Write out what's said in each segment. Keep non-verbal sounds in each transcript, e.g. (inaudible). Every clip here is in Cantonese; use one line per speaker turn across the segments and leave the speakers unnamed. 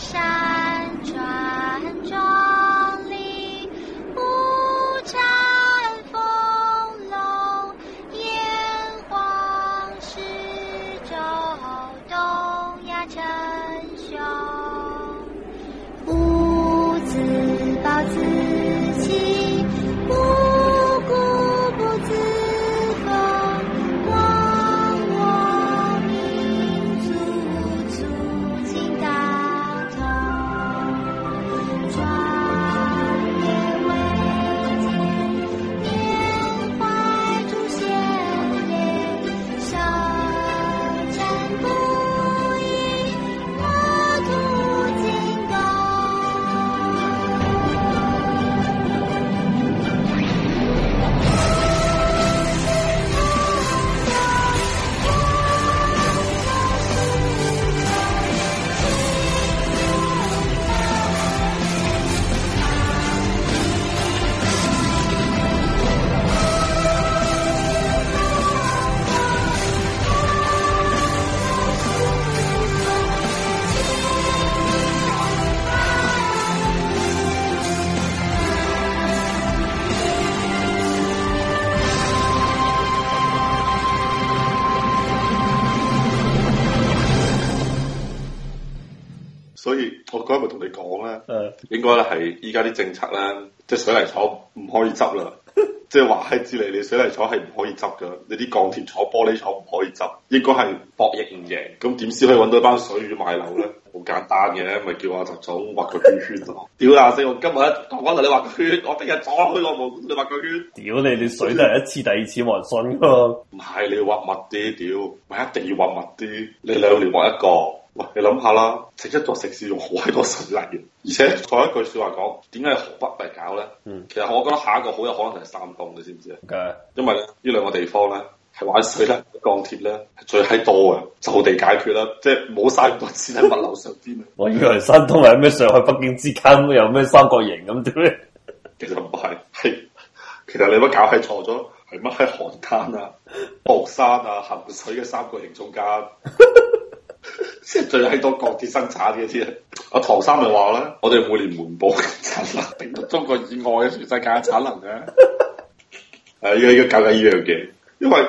沙。我嗰日咪同你講啦，應該咧係依家啲政策咧，即係水泥廠唔可以執啦，即係話係之你，你水泥廠係唔可以執嘅，你啲鋼鐵廠、玻璃廠唔可以執，應該係博弈唔贏，咁點先可以揾到一班水魚買樓咧？好簡單嘅，咪叫阿習總畫個圈圈咯。。 (laughs) 屌，阿四，我今日一講返嚟，你畫個圈，我聽日撞開個門，你畫個圈。
屌你，你水都係一次屌第二次冇人信噶。唔
係你畫密啲，屌，唔一定要畫密啲，你兩年畫一個。 (laughs) (laughs) 你諗下啦，整一座城市用好閪多水泥，而且仲有一句話說話講，點解喺河北嚟搞咧？嗯，其實我覺得下一個好有可能係山東，你知唔知啊？Okay. 因為咧呢兩個地方咧係玩水咧、鋼鐵咧係最閪多嘅，就地解決啦，即係冇嘥咁多錢喺物流上邊。
我 (laughs) 以為山東係咩上海、北京之間，有咩三角形咁，點咧？其實唔係，係其實你都搞係錯咗，係乜喺邯鄲啊、
博山啊、衡水嘅三角形中間。 (laughs) 即係 (laughs) 最喺多國鐵生產啲嘢， (laughs) (laughs) 阿、啊、唐生咪話啦， (laughs) 我哋每年瞞報產能，頂得中國以外嘅全世界嘅產能嘅。
係要要搞緊呢樣嘢，
因為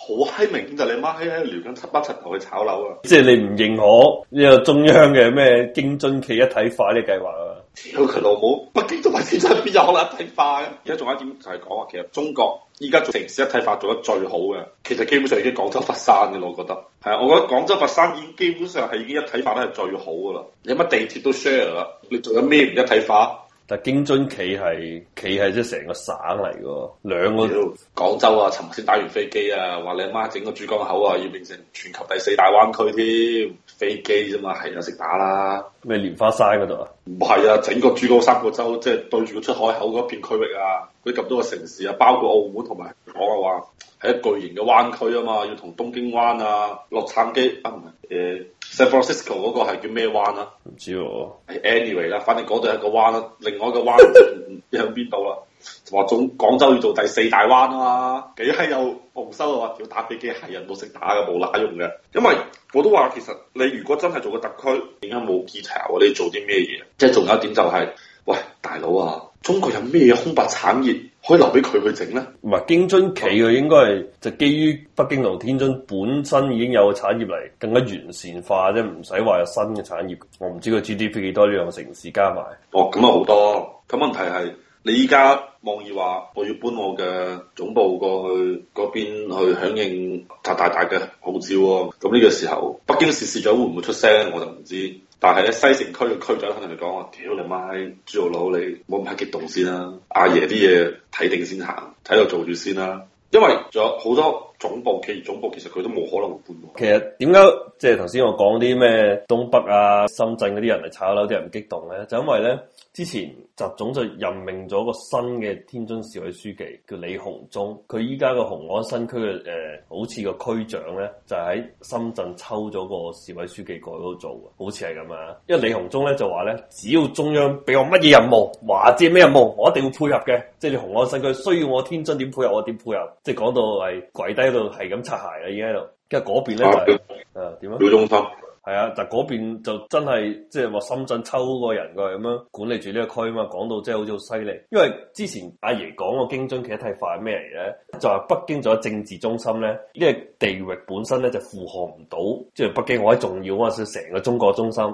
好閪明顯就你媽閪喺度聊緊七八七頭去炒樓
啊！ (laughs) 即係你唔認可呢個中央嘅咩京津冀一體化呢計劃啊？屌佢老母，北京
同埋天津邊有可能一體化啊？而家仲有一點就係講話，其實中國。依家做城市一體化做得最好嘅，其實基本上已經廣州佛山嘅，我覺得，我覺得廣州佛山已經基本上係已經一體化咧，係最
好噶啦。你乜地鐵都 share 啦，你做緊咩唔一體化？但京津企係企喺即係成個省嚟嘅，兩個廣州啊，尋日先打完飛機啊，話
你阿媽整個珠江口啊，要變成全球第四大灣區添，飛機啫嘛，係啊，成
打啦，咩蓮花山嗰度啊？唔係啊，
整個珠江三角洲，即係對住個出海口嗰一片區域啊，嗰咁多個城市啊，包括澳門同埋我話，係一巨型嘅灣區啊嘛，要同東京灣啊、洛杉磯啊，誒。San Francisco 嗰個係叫咩灣啊？唔
知喎。
Anyway 啦，反正嗰度係個灣啦、啊。另外一個灣喺邊度啦？話做、 (laughs) 啊、廣州要做第四大灣啊！嘛，幾閪有傲收啊！要打飛機係人都識打嘅，冇乸用嘅。因為我都話其實你如果真係做個特區，點解冇 detail？你做啲咩嘢？即係仲有一點就係、是，喂，大佬啊！中國有咩
空白產業可以留俾佢去整咧？唔係京津冀嘅，應該係就基於北京同天津本身已經有嘅產業嚟，更加完善化啫，唔使話有新嘅產業。我唔知個 GDP 幾多呢兩個城市加埋。哦，咁啊好多。咁、嗯、問題係。你
依家網易話我要搬我嘅總部過去嗰邊去響應習大大嘅號召，咁呢個時候北京市市長會唔會出聲我就唔知，但係咧西城區嘅區長肯定嚟講我屌你媽，住老樓你冇咁激動先啦，阿爺啲嘢睇定先行，睇度做住先啦，因為仲有好多。總部企業總部其實佢都冇可能
會搬。其實點解？即係頭先我講啲咩東北啊、深圳嗰啲人嚟炒樓啲人唔激動咧？就因為咧之前習總就任命咗個新嘅天津市委書記叫李鴻忠，佢依家個雄安新區嘅誒，好似個區長咧就喺、是、深圳抽咗個市委書記過嗰度做，好似係咁啊！因為李鴻忠咧就話咧，只要中央俾我乜嘢任務，話知係咩任務，我一定會配合嘅。即係你雄安新區需要我天津點配合，我點配合。即係講到係跪低。喺度係咁擦鞋啦，而家喺度。跟住嗰邊咧就，誒，點樣？中心係啊，但嗰邊就真係即係話深圳抽個人佢咁樣管理住呢個區嘛，講到真係好似好犀利。因為之前阿爺講個京津冀睇法係咩嚟咧？就係、是、北京仲有政治中心咧，因為地域本身咧就負荷唔到，即係北京我喺重要，我話成個中國中心，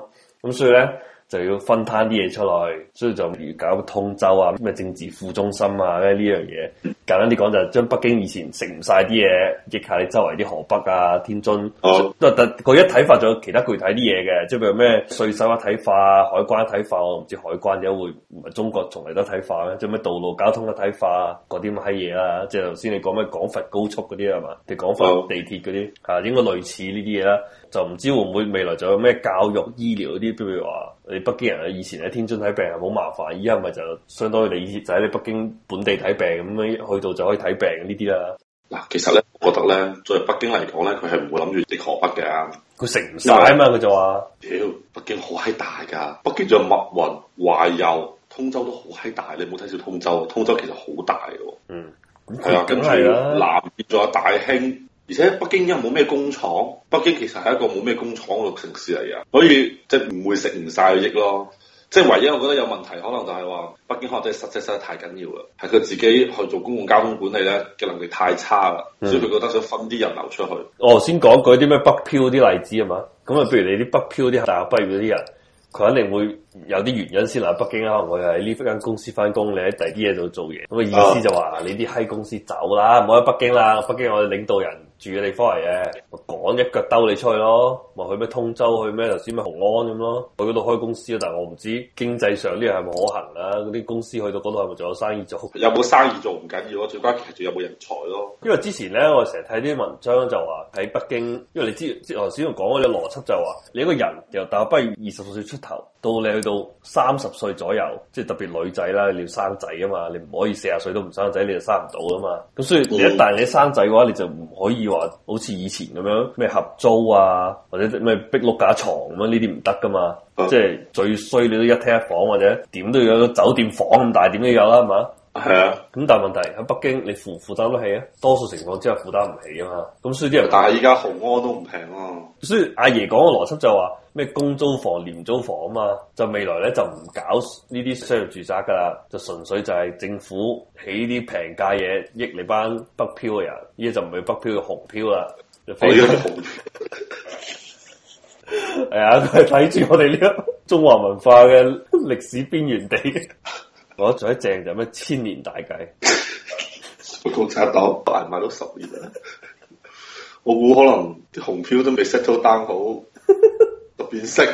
咁所以咧。就要分攤啲嘢出嚟，所以就如搞通州啊，咩政治副中心啊，咁呢樣嘢簡單啲講就係、是、將北京以前食唔晒啲嘢，亦下你周圍啲河北啊、天津，都係佢一體化仲有其他具體啲嘢嘅，即譬如咩稅收啊一體化、海關一體化，我唔知海關有冇，唔係中國從嚟都體化，嘅，即咩道路交通嘅一體化，嗰啲咁閪嘢啦。即頭先你講咩廣佛高速嗰啲係嘛？定廣佛地鐵嗰啲嚇，oh. 應該類似呢啲嘢啦。就唔知會唔會未來仲有咩教育、醫療嗰啲，譬如話。你北京人咧，以前喺天津睇病係好麻煩，而家咪就相當於你以前，以就喺你北京本地睇病咁樣，一去到就可以睇病呢啲啦。嗱，其實咧，我覺得咧，作為北京嚟講咧，佢係唔會諗住的河北嘅，佢食唔晒啊嘛，佢為就話，屌，北
京好閪大噶，北京仲有密雲、懷柔、通州都好閪大，你冇睇住通州，通州其實好大嘅。嗯，嗯，係啊，啊跟住南邊仲有大興。而且北京因為冇咩工廠，北京其實係一個冇咩工廠嘅城市嚟嘅，所以即係唔會食唔晒嘅益咯。即係唯一我覺得有問題，可能就係話北京可能真係實質實得太緊要啦，係佢自己去做公共交通管理咧嘅能力太差啦，所以佢覺得想分啲
人流出去。我、嗯哦、先講句啲咩北漂啲例子啊嘛，咁啊，譬如你啲北漂啲大學畢業嗰啲人，佢肯定會。有啲原因先嚟北京啦，我又喺呢間公司翻工，你喺第二啲嘢度做嘢，咁嘅意思就話，啊，你啲閪公司走啦，唔好喺北京啦，北京我哋領導人住嘅地方嚟嘅，趕一腳兜你出去咯，咪去咩通州，去咩頭先咩雄安咁咯，去嗰度開公司啊，但係我唔知經濟上呢樣係咪可行啦，嗰啲公司去到嗰度係咪仲有生意做？有冇生意
做唔緊要咯，最關鍵係仲有冇人才咯。
因為之前咧，我成日睇啲文章就話喺北京，因為你知，即係頭先我講嗰啲邏輯就話你一個人由大學畢業二十歲出頭到你到三十歲左右，即係特別女仔啦，你要生仔啊嘛，你唔可以四十歲都唔生仔，你就生唔到啊嘛。咁所以你一旦你生仔嘅話，你就唔可以話好似以前咁樣咩合租啊，或者咩逼碌架床咁樣呢啲唔得噶嘛。即係最衰你都一廳一房或者點都要有個酒店房咁大，點都有啦，啊，係嘛？係啊，咁但係問題喺北京，你負唔負擔得起啊？多數情況之下負擔唔起啊嘛。咁所以啲人，但係依家
雄安都唔平啊。
所以阿爺講嘅邏輯就話咩公租房、廉租房啊嘛，就未來咧就唔搞呢啲商業住宅噶啦，就純粹就係政府起啲平價嘢，益你班北漂嘅人，依家就唔係北漂，叫雄漂啦。可以紅。係 (laughs) (laughs) 啊，係睇住我哋呢個中華文化嘅歷史邊緣地。我做一正就咩千年大計，
不過差唔多，百
人買到十年啦。
我估可能啲紅票都未 set 咗單好，特別識，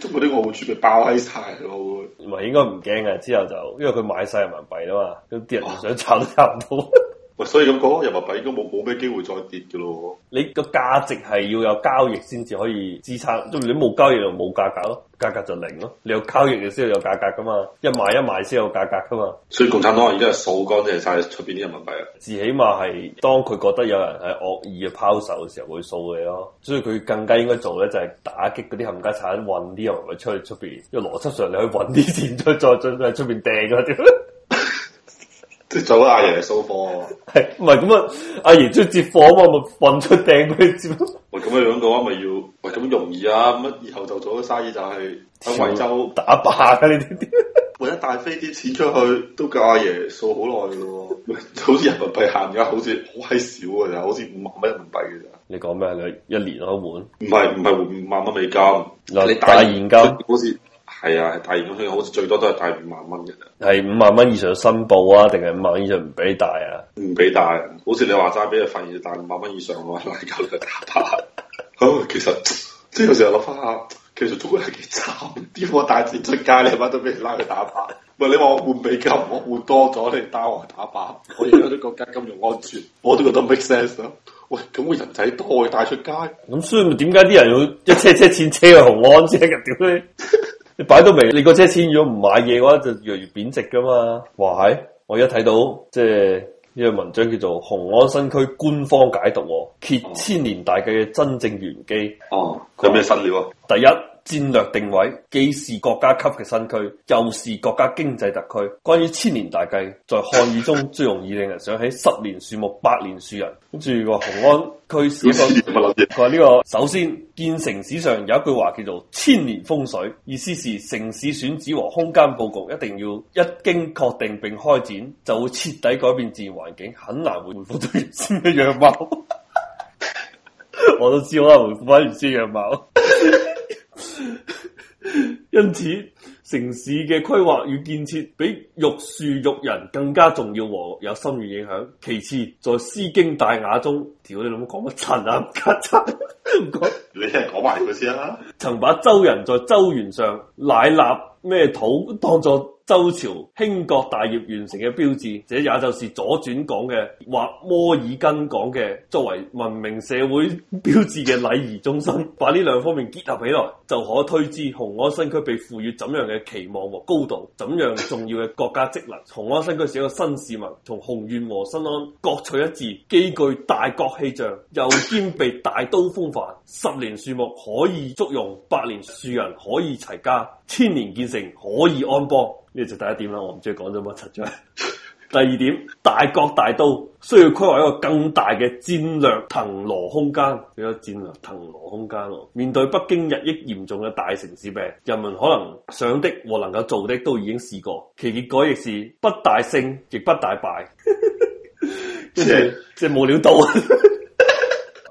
中國啲澳匯儲備包喺
晒咯。唔係 (laughs) 應該唔驚嘅，之後就因為佢買晒人民幣啦嘛，咁啲人想炒得差唔多。哇 (laughs) 喂，所以咁講，人民幣應該冇冇咩機會再跌嘅咯。你個價值係要有交易先至可以支撐，即係你冇交易就冇價格咯，價格就零咯。你有交易嘅先有價格㗎嘛，一買一賣先有價格㗎嘛。所以共產黨而家掃乾淨晒出邊啲人民幣啊！至起碼係當佢覺得有人係惡意嘅拋售嘅時候會掃你咯。所以佢更加應該做咧，就係打擊嗰啲冚家產，運啲人去出去出邊。因為邏輯上你可以揾啲錢，再再再出邊掟啲。
即係做阿爺掃貨，係
唔係咁啊？阿爺出接貨啊嘛，咪搵出掟佢接。你
(laughs) 喂，咁樣樣嘅話咪要？喂，咁容易啊？咁一以後就做咗生意就係
喺惠州打霸嘅呢啲。
(laughs) 為咗帶飛啲錢出去，都夠阿爺掃 (laughs) 好耐嘅咯。好似人民幣限嘅， (laughs) 好似好閪少嘅咋？好似五萬蚊人民幣嘅咋？
你講咩？你一年可換？唔係唔係五萬蚊美金嗱？你帶現金
好似。 (laughs) 係啊，帶現金好似最多都係帶五萬蚊嘅。
係五萬蚊以上申報啊，定係五萬以上唔俾帶啊？
唔俾帶，好似你話齋俾佢發現帶五萬蚊以上，嘅話拉鳩你去打牌。好， (laughs) 其實即係有時候諗翻下，其實都係幾慘。啲我帶錢出街，你乜都俾人拉去打牌。喂， (laughs) 你話我換美金，我換多咗你帶我打靶。我而家都國家金融安全，我都覺得 make sense 啊。喂，咁嘅
人仔多帶出街，咁 (laughs) 所以點解啲人要一車車錢車去雄安車嘅？點咧？你擺到未？你個車錢如果唔買嘢嘅話，就越嚟越貶值噶嘛。哇！係，我而家睇到即係呢個文章叫做《雄安新區官方解讀揭千年大計嘅真正玄機》。哦，有咩新料啊？第一。戰略定位既是國家級嘅新區，又是國家經濟特區。關於千年大計，在漢語中最容易令人想起十年樹木，百年樹人。跟住話，雄安區，佢話呢個首先建城史上有一句話叫做“千年風水”，意思是城市選址和空間佈局一定要一經確定並開展，就會徹底改變自然環境，很難恢復到原先嘅樣貌。 (laughs) 我都知可能啦，恢復翻原先嘅樣貌。 (laughs) (laughs) 因此，城市嘅規劃與建設比育樹育人更加重要和有深遠影響。其次，在《詩經大雅》中，屌 (laughs) 你老母講乜陳啊？唔講 (laughs) 你聽人講埋佢先啦。 (laughs) 曾把周人在周原上乃納咩土當作周朝興國大業完成嘅標誌，這也就是左轉講嘅或摩爾根講嘅，作為文明社會標誌嘅禮儀中心。把呢兩方面結合起來，就可推知雄安新區被賦予怎樣嘅期望和高度，怎樣重要嘅國家職能。雄安新區是一個新市民，從雄縣和新安各取一字，兼具大國氣象，又兼備大都風範。十年樹木可以足用，百年樹人可以齊家，千年建成可以安邦。呢就第一點啦，我唔知意講咗乜七咗。第二點，大國大都需要規劃一個更大嘅戰略騰挪空間。比咗戰略騰挪空間咯。面對北京日益嚴重嘅大城市病，人們可能想的和能夠做的都已經試過，其結果亦是不大勝亦不大敗。 (laughs) 即係即係冇料到。 (laughs)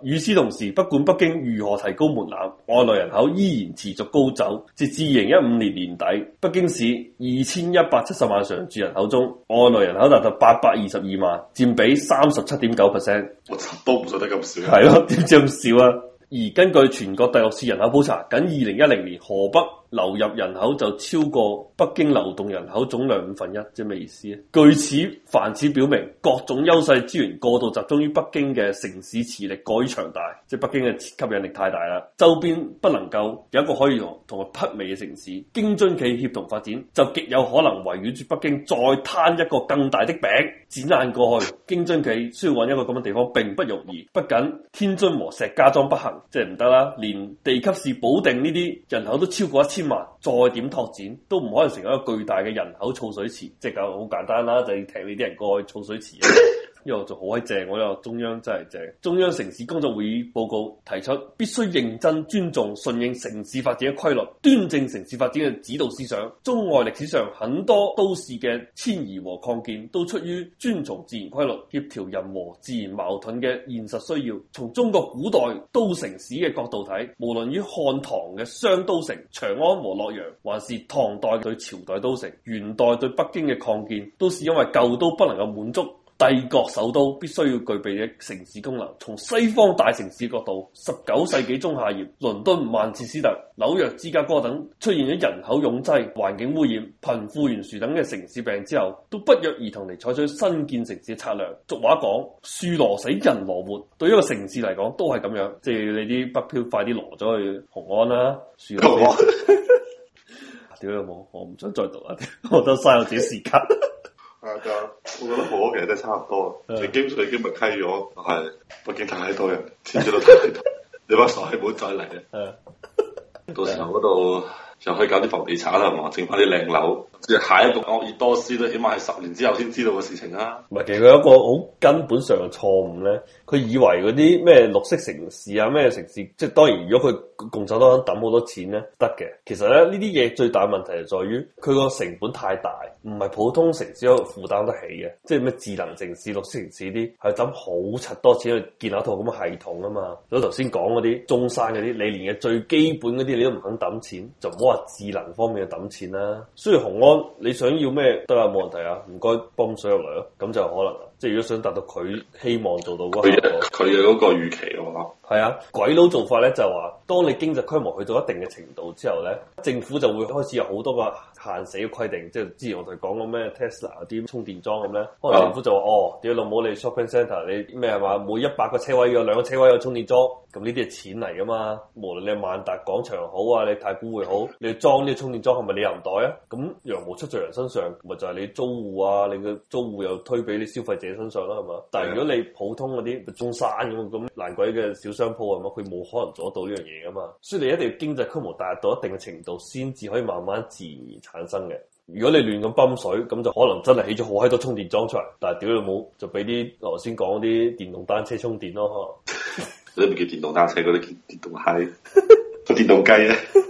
與此同時，不管北京如何提高門檻，外來人口依然持續高走。截至二零一五年年底，北京市二千一百七十萬常住人口中，外來人口達到八百二十二萬，占比三十七點九 percent。我都唔信得咁少，係咯？點知咁少啊？ (laughs) 而根據全國第六次人口普查，僅二零一零年河北。流入人口就超過北京流動人口總量五分一，即係咩意思啊？據此凡此表明，各種優勢資源過度集中於北京嘅城市磁力過於強大，即北京嘅吸引力太大啦。周邊不能夠有一個可以同佢媲美嘅城市，京津冀協同發展就極有可能圍繞住北京再攤一個更大的餅。展眼過去，京津冀需要揾一個咁嘅地方並不容易，不僅天津和石家莊不，不行，即係唔得啦，連地級市保定呢啲人口都超過一千千萬再點拓展都唔可能成為一個巨大嘅人口儲水池，即係講好簡單啦，就係要踢你啲人過去儲水池。 (coughs) 呢度就好鬼正，我又中央真係正。中央城市工作會議報告提出，必須認真尊重順應城市發展嘅規律，端正城市發展嘅指導思想。中外歷史上很多都市嘅遷移和擴建，都出於遵從自然規律、協調人和自然矛盾嘅現實需要。從中國古代都城市嘅角度睇，無論於漢唐嘅雙都城長安和洛陽，還是唐代對朝代都城、元代對北京嘅擴建，都是因為舊都不能夠滿足。帝國首都必須要具備嘅城市功能，從西方大城市角度，十九世紀中下葉，倫敦、曼徹斯特、紐約、芝加哥等出現咗人口擁擠、環境污染、貧富懸殊等嘅城市病之後，都不約而同地採取新建城市嘅策略。俗話講，樹挪死，人挪活，對一個城市嚟講都係咁樣。即係你啲北漂快啲挪咗去雄安啦，啊，樹。冇洪、啊，我唔想再讀啊，我都嘥我自己時間。
(laughs) 我覺得我其實都差唔多， (laughs) 你基本上已經咪閪咗，係 (laughs) 北京太多人，遷咗太多， (laughs) 你把手係唔好再嚟啊！ (laughs) 到時候嗰度。就可以搞啲房地產啦，係嘛？整翻啲靚樓，即係下一個鄂爾多斯都起碼係十年之後先知道嘅事情啦。
唔係，其實佢有一個好根本上嘅錯誤咧，佢以為嗰啲咩綠色城市啊、咩城市，即係當然，如果佢共產黨揼好多錢咧，得嘅。其實咧，呢啲嘢最大問題就係在於佢個成本太大，唔係普通城市可以負擔得起嘅。即係咩智能城市、綠色城市啲，係揼好柒多錢去建立一套咁嘅系統啊嘛。所以頭先講嗰啲中山嗰啲，你連嘅最基本嗰啲你都唔肯揼錢，就話、哦、智能方面嘅抌錢啦，雖然雄安你想要咩都係冇問題啊，唔該幫水入嚟咯，咁就可能啦。即係如果想達到佢希望做到嗰個預期，佢嘅佢嘅嗰個預期咯。係啊，鬼佬做法咧就話、是，當你經濟規模去到一定嘅程度之後咧，政府就會開始有好多個限死嘅規定。即係之前我就講過咩 Tesla 啲充電樁咁咧，可能政府就話、啊、哦，屌老母你 Shopping Centre 你咩係嘛，每一百個車位有兩個車位有充電樁，咁呢啲係錢嚟㗎嘛。無論你係萬達廣場好啊，你太古匯好。你裝啲充電樁係咪你又唔袋啊？咁羊毛出在人身上，咪就係、是、你租戶啊？你個租戶又推俾你消費者身上啦，係嘛？人但係如果你普通嗰啲中山咁咁爛鬼嘅小商鋪啊，咁佢冇可能做得到呢樣嘢噶嘛？所以你一定要經濟規模大到一定嘅程度，先至可以慢慢自然產生嘅。如果你亂咁泵水，咁就可能真係起咗好閪多充電樁出嚟，但係屌你冇就俾啲頭先講啲電動單車充電咯。嗰
啲唔叫電動單車，嗰啲叫電動雞，個 (laughs) 電動雞咧。